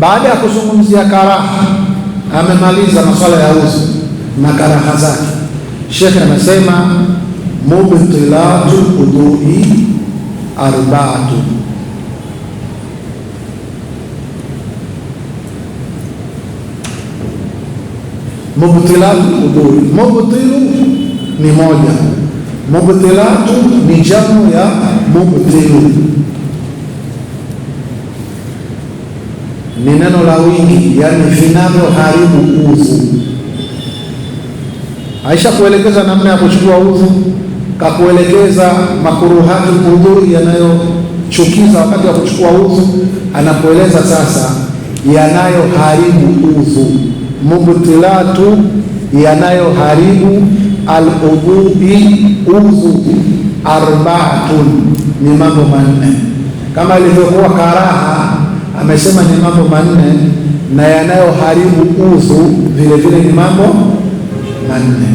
Baada ya kuzungumzia karaha, amemaliza masuala ya uzi na karaha zake. Shekhe amesema mubtilatu udhui arbaatu, mubtilatu udhui. Mubtilu ni moja, mubtilatu ni jamu ya mubtilu ni neno la wingi, yaani vinavyoharibu udhu. Aisha kuelekeza namna ya kuchukua udhu, kakuelekeza makuruhati kudhuri yanayochukiza wakati wa kuchukua udhu. Anakueleza sasa yanayoharibu udhu, mubtilatu, yanayoharibu aludhubi, udhu arbaatun, ni mambo manne, kama ilivyokuwa karaha amesema ni mambo manne, na yanayoharibu udhu vile vile ni mambo manne.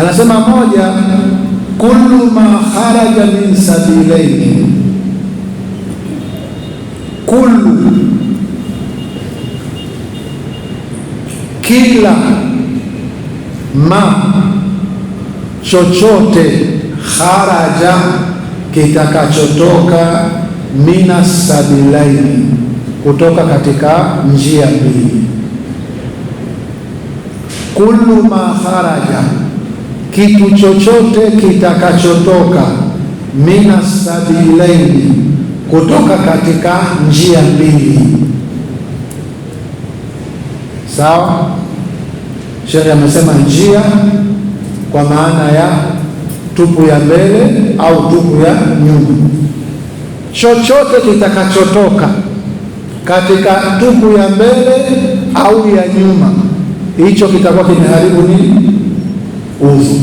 Anasema moja, kullu ma kharaja min sabilaini, kullu kila ma chochote, kharaja kitakachotoka mina sabilaini, kutoka katika njia mbili. Kullu ma kharaja, kitu chochote kitakachotoka, mina sabilaini, kutoka katika njia mbili. Sawa, shehe amesema njia kwa maana ya tupu ya mbele au tupu ya nyuma chochote kitakachotoka katika tupu ya mbele au ya nyuma, hicho kitakuwa kimeharibu nini? Uzu.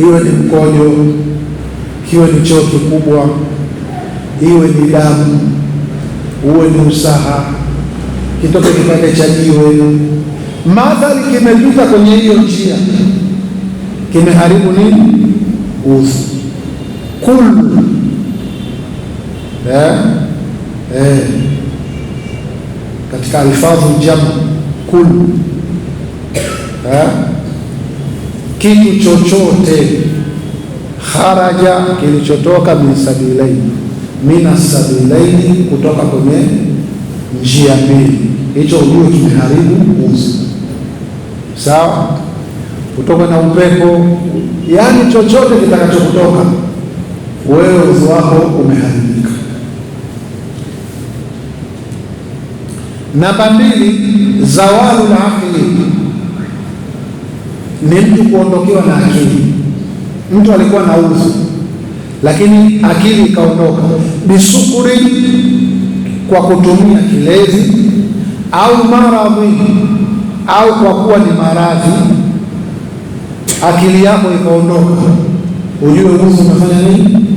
iwe ni mkojo, kiwe ni choo kikubwa, iwe ni damu, uwe ni usaha, kitoke kipande cha jiwe, madhali kimepita kwenye hiyo njia, kimeharibu nini? Uzu. Qul eh, katika alfadhu jam kul eh, kitu chochote kharaja kilichotoka min sabilaini min sabilaini, kutoka kwenye njia mbili, hicho ujue kimeharibu uzi sawa, kutoka na upepo, yaani chochote kitakachokutoka wewe uso wako umeharibika. Namba mbili, zawalu la akili ni mtu kuondokewa na akili. Mtu alikuwa na uzu, lakini akili ikaondoka. Bisukuri, kwa kutumia kilezi au maradhi, au kwa kuwa ni maradhi, akili yako ikaondoka. Ujue uzo umefanya nini?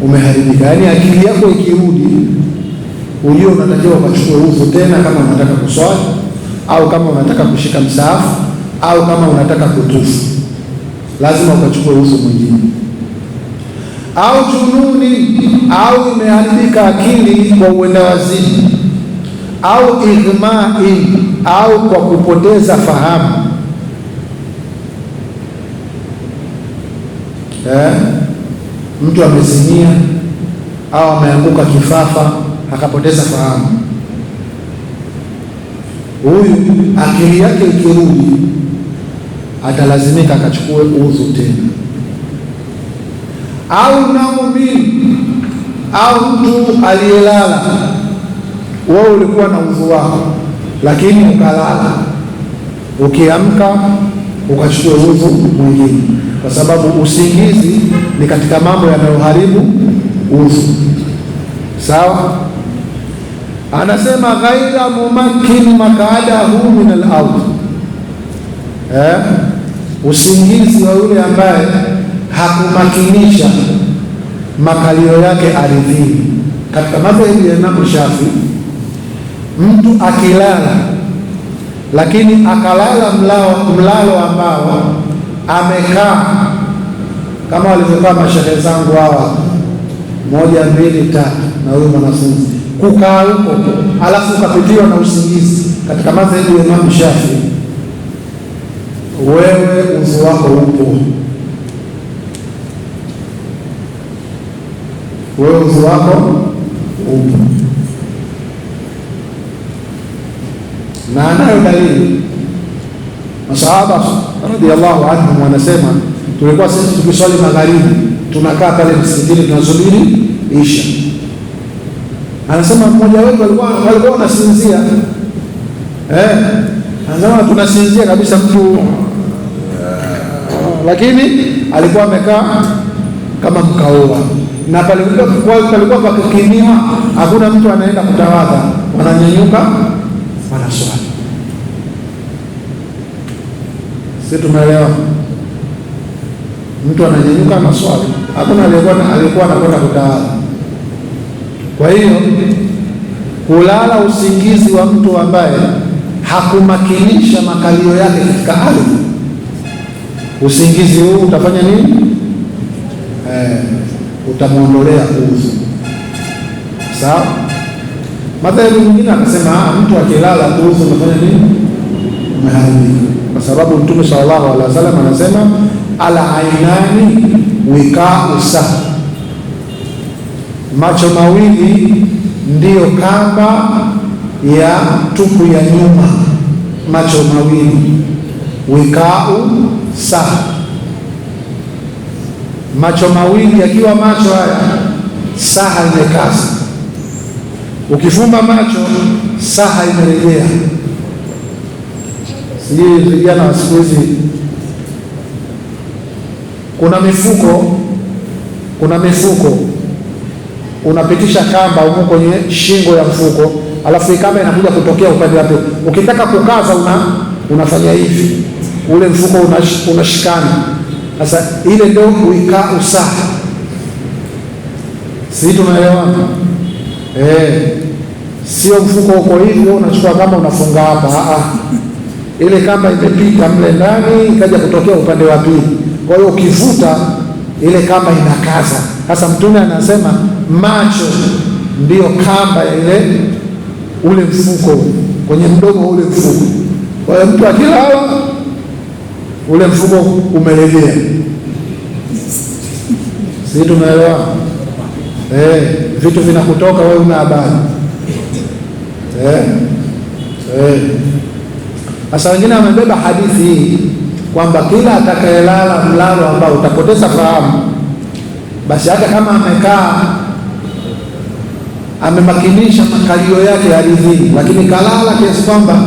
umeharibika. Yaani akili yako ikirudi, ujue unatakiwa ukachukue udhu tena, kama unataka kuswali au kama unataka kushika msaafu au kama unataka kutufu, lazima ukachukue udhu mwingine au jununi au imeharibika akili kwa uendawazimu au ighmai au kwa kupoteza fahamu eh? mtu amezimia au ameanguka kifafa akapoteza fahamu, huyu akili yake ikirudi, atalazimika akachukue udhu tena, au naumini au mtu aliyelala. Wewe ulikuwa na udhu wako, lakini ukalala, ukiamka ukachukue uvu mwingine, kwa sababu usingizi ni katika mambo yanayoharibu uvu. Sawa, anasema ghaira mumakin makaadahu min al eh? usingizi wa yule ambaye hakumakinisha makalio yake ardhini. Katika madhehebu ya Imamu Shafi, mtu akilala lakini akalala mlao, mlalo ambao amekaa kama walivyokaa mashehe zangu hawa, moja mbili tatu, na huyu mwanafunzi kukaa huko, alafu ukapitiwa na usingizi katika madhehebu ya Imamu Shafi, wewe uzu wako upo, wewe uzu wako upo. na anayo dalili. Masahaba radhiallahu anhum wanasema tulikuwa sisi tukiswali magharibi tunakaa pale msikitini tunasubiri isha. Anasema mmoja wetu walikuwa wanasinzia, eh, anasema tunasinzia kabisa mtu, eh, lakini alikuwa amekaa kama mkaua na palikuwa pakikimiwa, hakuna mtu anaenda kutawadha, wananyanyuka wanaswali Si tumeelewa? Mtu ananyanyuka maswali, hakuna aliyekuwa alikuwa anakwenda kutawala. Kwa hiyo kulala usingizi wa mtu ambaye hakumakinisha makalio yake katika ardhi, usingizi huu utafanya nini? Eh, utamwondolea uzu. Sawa. Madhehebu mengine akasema ah, mtu akilala uzu unafanya nini? Umeharibika kwa sababu Mtume sallallahu alaihi wasallam anasema ala ainani wikau saa, macho mawili ndiyo kamba ya tupu ya nyuma. Macho mawili wikau saa, macho mawili yakiwa macho haya saha imekaza, ukifumba macho saha imerejea sijui vijana wa siku hizi, kuna mifuko, kuna mifuko unapitisha kamba umu kwenye shingo ya mfuko, alafu ikamba inakuja kutokea upande wa pili. Ukitaka kukaza una, unafanya hivi, ule mfuko unashikana sasa, ile ndio uikaa usaha. Sisi tunaelewa eh, sio mfuko uko hivyo unachukua kamba unafunga hapa, ah, ah ile kamba imepita mle ndani ikaja kutokea upande wa pili. Kwa hiyo ukivuta ile kamba inakaza. Sasa Mtume anasema macho ndiyo kamba ya ile ule mfuko kwenye mdomo ule mfuko. Kwa hiyo mtu akilala ule mfuko umelegea, si tunaelewa? Eh, vitu vinakutoka wewe una habari eh, eh. Sasa wengine wamebeba hadithi hii kwamba kila atakayelala mlalo ambao utapoteza fahamu, basi hata kama amekaa amemakinisha makalio yake ardhini, lakini kalala kiasi kwamba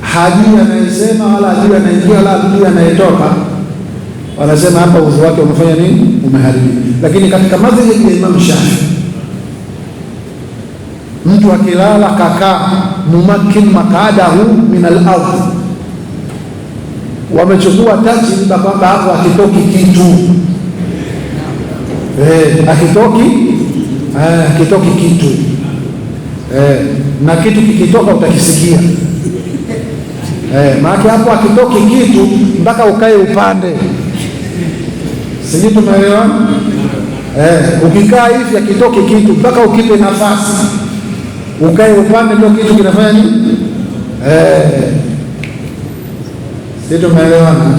hajui anayesema wala hajui anaingia wala hajui anayetoka, wanasema hapa uzo wake umefanya nini? Umeharibika. Lakini katika madhehebu ya Imam Shafi mtu akilala kakaa mumakin makadahu min al-ardh. Wamechukua tajriba kwamba hapo akitoki kitu eh, akitoki eh, akitoki kitu eh, na kitu kikitoka utakisikia eh, maana hapo akitoki kitu mpaka ukae upande, sijui tumeelewa eh, ukikaa hivi akitoki kitu mpaka ukipe nafasi ukae upande, ndio kitu kinafanya nini? Eh, si tumeelewana?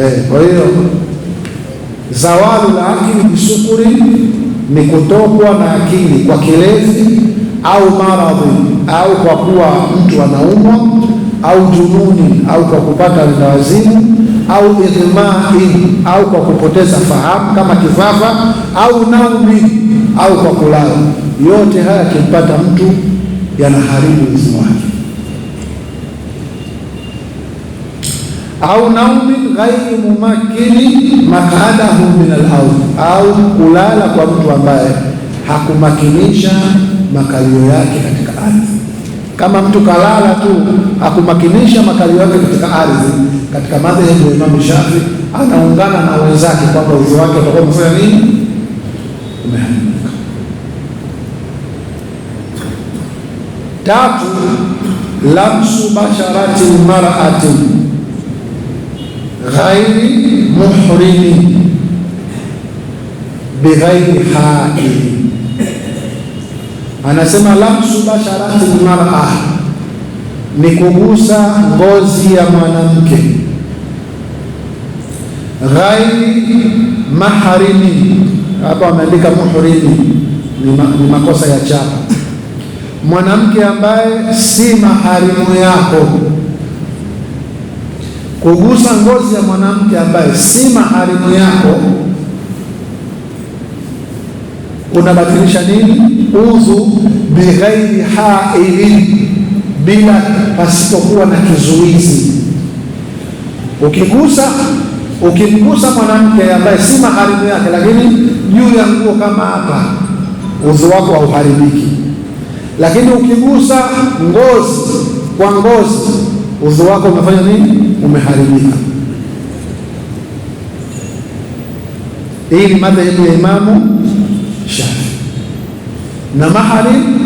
Eh, kwa hiyo zawalu la akili bisukuri ni kutokwa na akili kwa kilezi au maradhi au kwa kuwa mtu anaumwa au jununi au kwa kupata wendawazimu au idhmai au kwa kupoteza fahamu kama kifafa au naumi au kwa kulala. Yote haya akimpata mtu yanaharibu uzima wake. au naumin ghairi mumakini makadahu min al au kulala kwa mtu ambaye hakumakinisha makalio yake katika ardhi. Kama mtu kalala tu hakumakinisha makalio yake katika ardhi, katika madhehebu ya Imamu Shafi anaungana na wenzake kwamba uzo wake utakuwa umefanya nini, umeharibu. Tatu, lamsu basharati mar'ati ghairi muhrimi bighairi haili anasema lamsu basharati mara ni kugusa ngozi ya mwanamke, ghairi mahrimi. Hapa wameandika muhrimi, ni makosa ya chapa mwanamke ambaye si maharimu yako, kugusa ngozi ya mwanamke ambaye si maharimu yako unabatilisha nini? Udhu bighairi haili, bila pasipokuwa na kizuizi. Ukigusa ukimgusa mwanamke ambaye si maharimu yake, lakini juu ya nguo kama hapa, udhu wako hauharibiki. Lakini ukigusa ngozi kwa ngozi, udhu wako umefanya nini? Umeharibika. Hii ni madhehebu ya Imamu shafi na maharimu.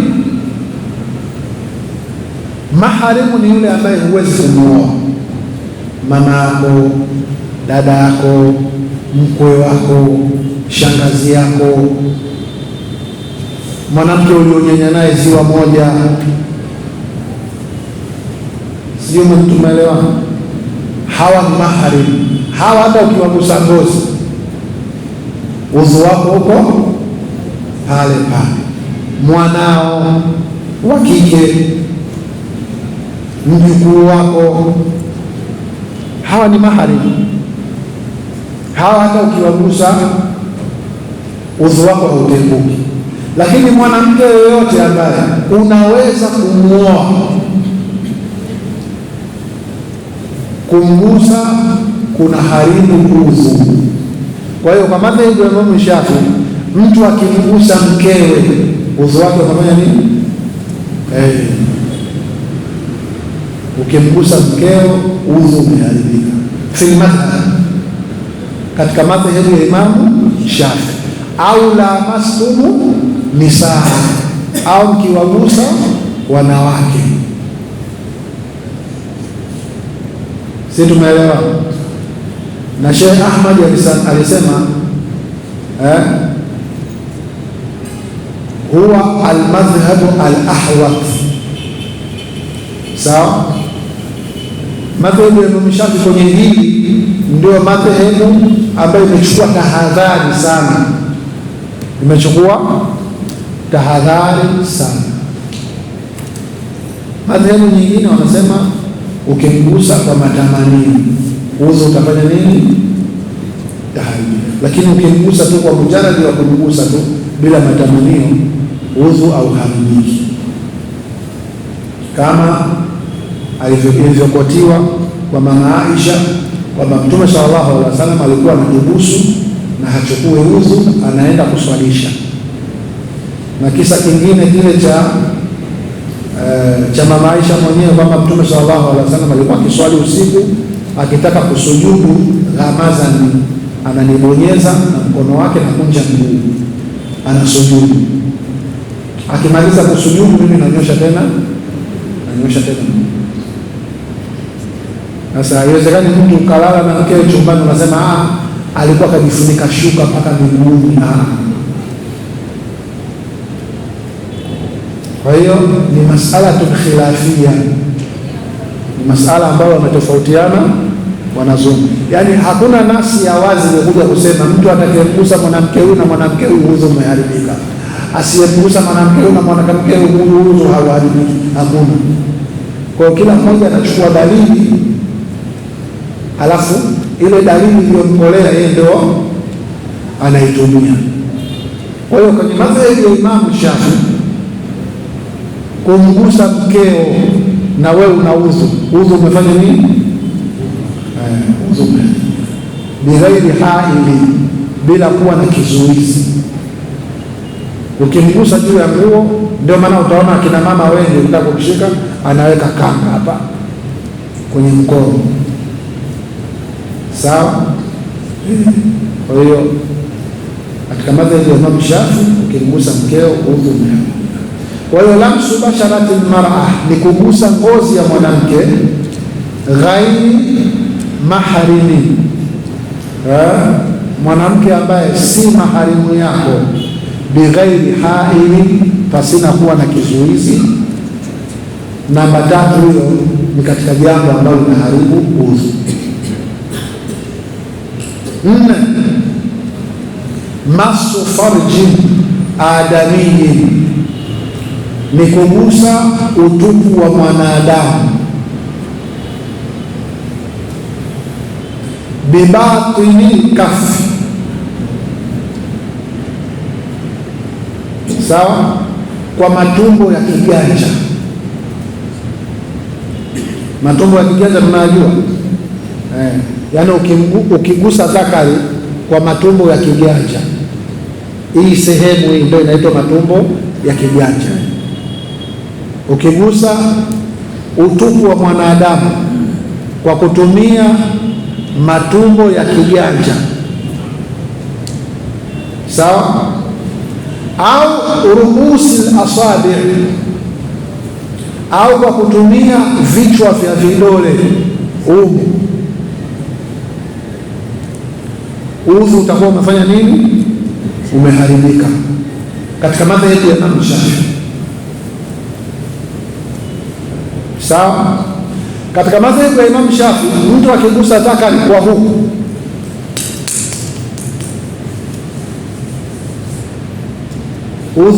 Maharimu ni yule ambaye huwezi kumuoa, mama yako, dada yako, mkwe wako, shangazi yako mwanamke ulionyonya naye ziwa moja, sio mtumeelewa? Hawa ni mahari hawa, hata ukiwagusa ngozi, uzu wako huko pale pale. Mwanao wa kike, mjukuu wako, hawa ni mahari hawa, hata ukiwagusa uzu wako hautenguki. Lakini mwanamke yoyote ambaye unaweza kumwoa, kumgusa kuna harimu nguvu Kwa hiyo kwa madhehebu ya Imamu Shafi, mtu akimgusa mkewe udhu wake unafanya nini? Hey, eh, ukimgusa mkeo udhu umeharibika filmadhhab, katika madhehebu ya Imamu Shafi au la mastumu nisaa au mkiwagusa wanawake. Si tumeelewa? Na Sheikh Ahmad alisema eh, huwa almadhhabu alahwat. Sawa, madhehebu ya Mshafi kwenye hili ndio madhehebu ambayo imechukua tahadhari sana, imechukua Tahadhari sana. Madhehebu nyingine wanasema ukimgusa kwa matamanio uweze utafanya nini? Taharibika. Lakini ukimgusa tu kwa mujaradi wa kumgusa tu bila matamanio udhu auharibiki, kama ilivyokotiwa kwa mama Aisha kwamba Mtume sallallahu alaihi wasallam alikuwa anajibusu na hachukue udhu, anaenda kuswalisha na kisa kingine kile cha uh, cha mama Aisha mwenyewe kwamba Mtume sallallahu alaihi wasallam alikuwa akiswali usiku akitaka kusujudu Ramadhani, ananibonyeza na mkono wake na kunja mguu, anasujudu. Akimaliza kusujudu, mimi nanyosha tena, nanyosha tena. Sasa haiwezekani mtu ukalala na mkewe chumbani unasema ah, alikuwa akajifunika shuka mpaka miguuni ah Kwa hiyo ni masala tukhilafia ni masala ambayo wametofautiana wanazuoni, yaani hakuna nasi ya wazi imekuja kusema mtu atakayemgusa mwanamke huyu na mwanamke huyu uzo umeharibika, asiyemgusa mwanamke huyu na mwanamke huyu uzo hauharibiki. Hakuna. Kwa kila mmoja anachukua dalili, halafu ile dalili iliyomkolea yeye ndio anaitumia. Kwa hiyo kwenye madhehebu ya Imamu Shafii kumgusa mkeo na wewe una udhu, udhu umefanya nini? Eh, udhu bighairi haili, bila kuwa na kizuizi. Ukimgusa juu ya nguo, ndio maana utaona akina mama wengi ukitaka kukushika anaweka kanga hapa kwenye mkono, sawa. Kwa hiyo katika madhehebu ya Shafi ukimgusa mkeo udhu umefanya kwa hiyo lamsu basharati lmara ni kugusa ngozi ya mwanamke ghairi maharimi, mwanamke ambaye si maharimu yako, bighairi haili, pasina kuwa na kizuizi. Namba tatu, hiyo ni katika jambo ambalo linaharibu udhu. Nne, masu farji adamiyin ni kugusa utupu wa mwanadamu bibatini kafi, sawa, kwa matumbo ya kiganja. Matumbo ya kiganja tunayajua eh, yaani ukigusa zakari kwa matumbo ya kiganja, hii sehemu hii ndio inaitwa matumbo ya kiganja ukigusa utupu wa mwanadamu kwa kutumia matumbo ya kiganja sawa, au ruusi lasabi, au kwa kutumia vichwa vya vidole umu, udhu utakuwa umefanya nini? Umeharibika katika madhehebu ya Imamu Shafii. Sawa? Katika madhehebu ya Imam Shafi, mtu akigusa taka alikuwa huku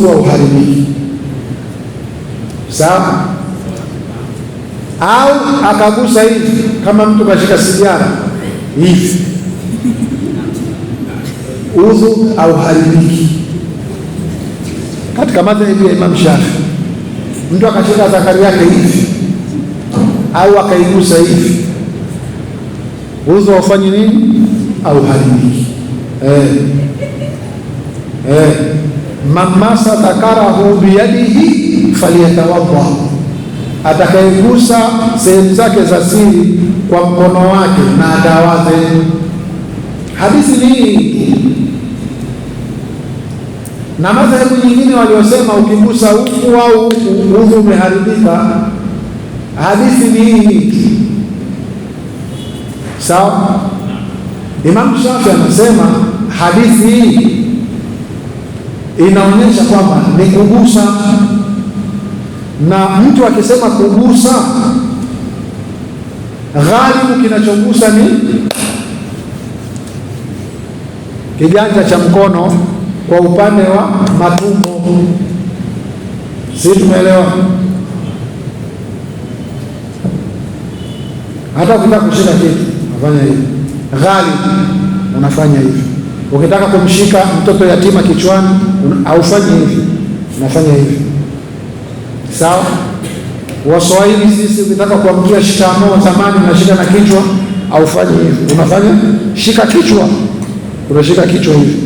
wa hauharibiki, sawa? Au akagusa hivi, kama mtu kashika sigara hivi, udhu hauharibiki katika madhehebu ya Imam Shafi. Mtu akashika zakari yake hivi au akaigusa hivi, uzo wafanye nini? au haribiki eh. Eh. mamasa takarahu biyadihi falyatawadda, atakayegusa sehemu zake za siri kwa mkono wake na atawadhe. Hadithi ni na madhehebu nyingine waliosema ukigusa huku au huku udhu umeharibika Hadithi ni hii sawa. Imam Shafi anasema hadithi hii inaonyesha kwamba ni kugusa, na mtu akisema kugusa, ghalibu kinachogusa ni kijanja cha mkono kwa upande wa matumbo, si tumeelewa? Hata ukitaka kushika kitu unafanya hivi, ghali unafanya hivi. Ukitaka kumshika mtoto yatima kichwani haufanyi hivi, unafanya hivi. Sawa? Waswahili sisi, ukitaka kuamkia shikamoo zamani unashika na kichwa, haufanyi hivi, unafanya shika kichwa, unashika kichwa hivi.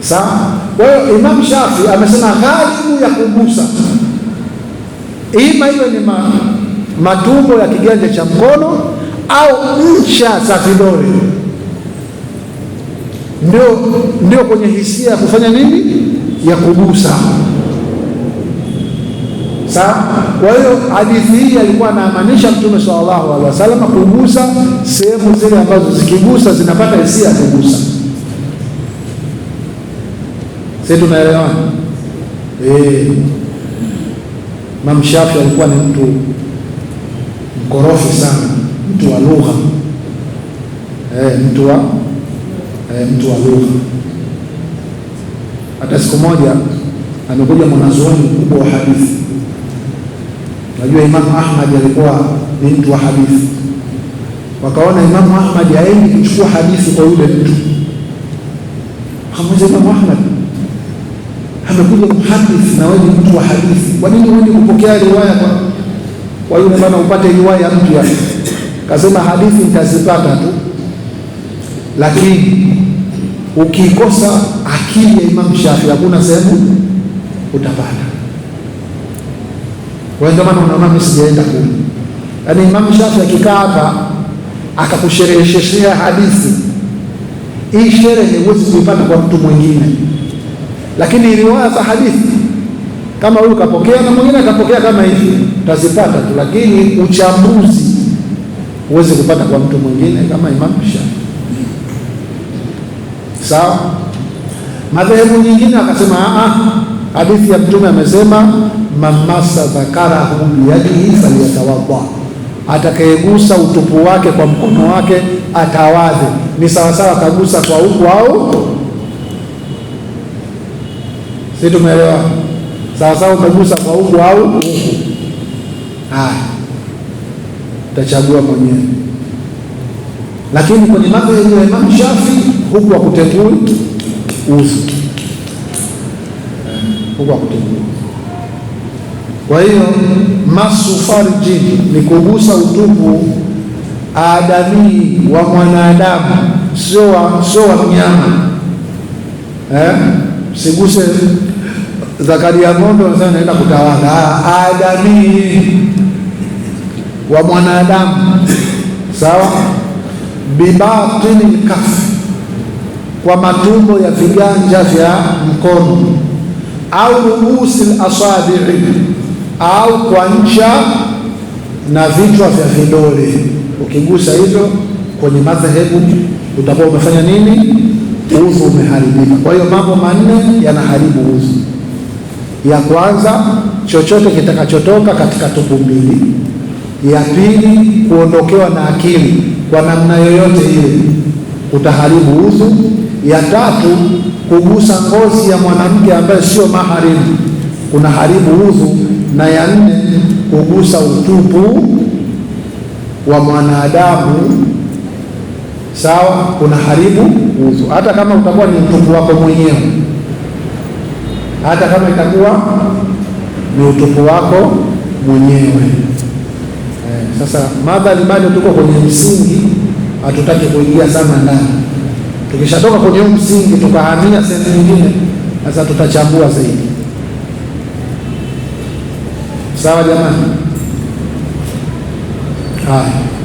Sawa? Kwa hiyo Imam Shafi amesema ghalibu ya kugusa, ima hiyo ni maana matumbo ya kiganja cha mkono au ncha za vidole, ndio ndio kwenye hisia ya kufanya nini, ya kugusa. Sawa. Kwa hiyo hadithi hii alikuwa anaamanisha Mtume sallallahu alaihi wasallam kugusa sehemu zile ambazo zikigusa zinapata hisia ya kugusa. Sisi tunaelewana eh? Mamshafi alikuwa ni mtu mkorofi sana, mtu wa lugha e, mtu wa e, mtu wa lugha. Hata siku moja amekuja mwanazuoni mkubwa wa hadithi. Najua Imamu Ahmad alikuwa ni mtu wa hadithi, wakaona Imamu Ahmad aendi kuchukua hadithi kwa yule mtu. Akamuuliza Imamu Ahmad, amekuja mhadith na wewe mtu wa hadithi, kwa nini wewe kupokea riwaya kwa kwa hiyo bana upate riwaya mpya. Kasema hadithi nitazipata tu, lakini ukikosa akili ya Imam Shafi hakuna sehemu utapata. Kwa hiyo ndio maana unaona mimi sijaenda kule, yaani Imam Shafi akikaa hapa akakusherehesheshea hadithi hii, sherehe huwezi kuipata kwa mtu mwingine, lakini riwaya za hadithi kama huyu kapokea na mwingine akapokea kama hivi, utazipata tu, lakini uchambuzi huwezi kupata kwa mtu mwingine kama Imam Shafi. Sawa, madhehebu nyingine akasema ah, ah, hadithi ya Mtume amesema, mamasa dhakarahu biyadihi falyatawadda, atakayegusa utupu wake kwa mkono wake atawadhe. Ni sawasawa kagusa kwa huku au si, tumeelewa? sawasawa, umegusa kwa huku au huku. Haya, utachagua mwenyewe. Lakini kwenye mambo yenyewe Imam Shafi huku hakutengui uzu, huku hakutengui. Kwa hiyo masu farji ni kugusa utupu adamii wa mwanadamu, sio wa mnyama eh? siguse Zakaria ng'ombe wanasema naenda kutawala. Adami wa mwanadamu sawa, bibatini lkafu kwa matumbo ya viganja vya mkono, au ruusi lasabii, au kwa ncha na vichwa vya vidole. Ukigusa hizo kwenye madhehebu utakuwa umefanya nini? Udhu umeharibika. Kwa hiyo mambo manne yanaharibu udhu. Ya kwanza, chochote kitakachotoka katika tumbo mbili. Ya pili, kuondokewa na akili kwa namna yoyote ile, utaharibu uzu, Ya tatu, kugusa ngozi ya mwanamke ambaye sio maharimu, kunaharibu uzu, Na ya nne, kugusa utupu wa mwanadamu sawa, kunaharibu uzu, hata kama utakuwa ni utupu wako mwenyewe hata kama itakuwa ni utupu wako mwenyewe. Eh, sasa madhali bado tuko kwenye msingi, hatutaki kuingia sana ndani. Tukishatoka kwenye huu msingi tukahamia sehemu nyingine, sasa tutachambua zaidi. Sawa jamani? Haya.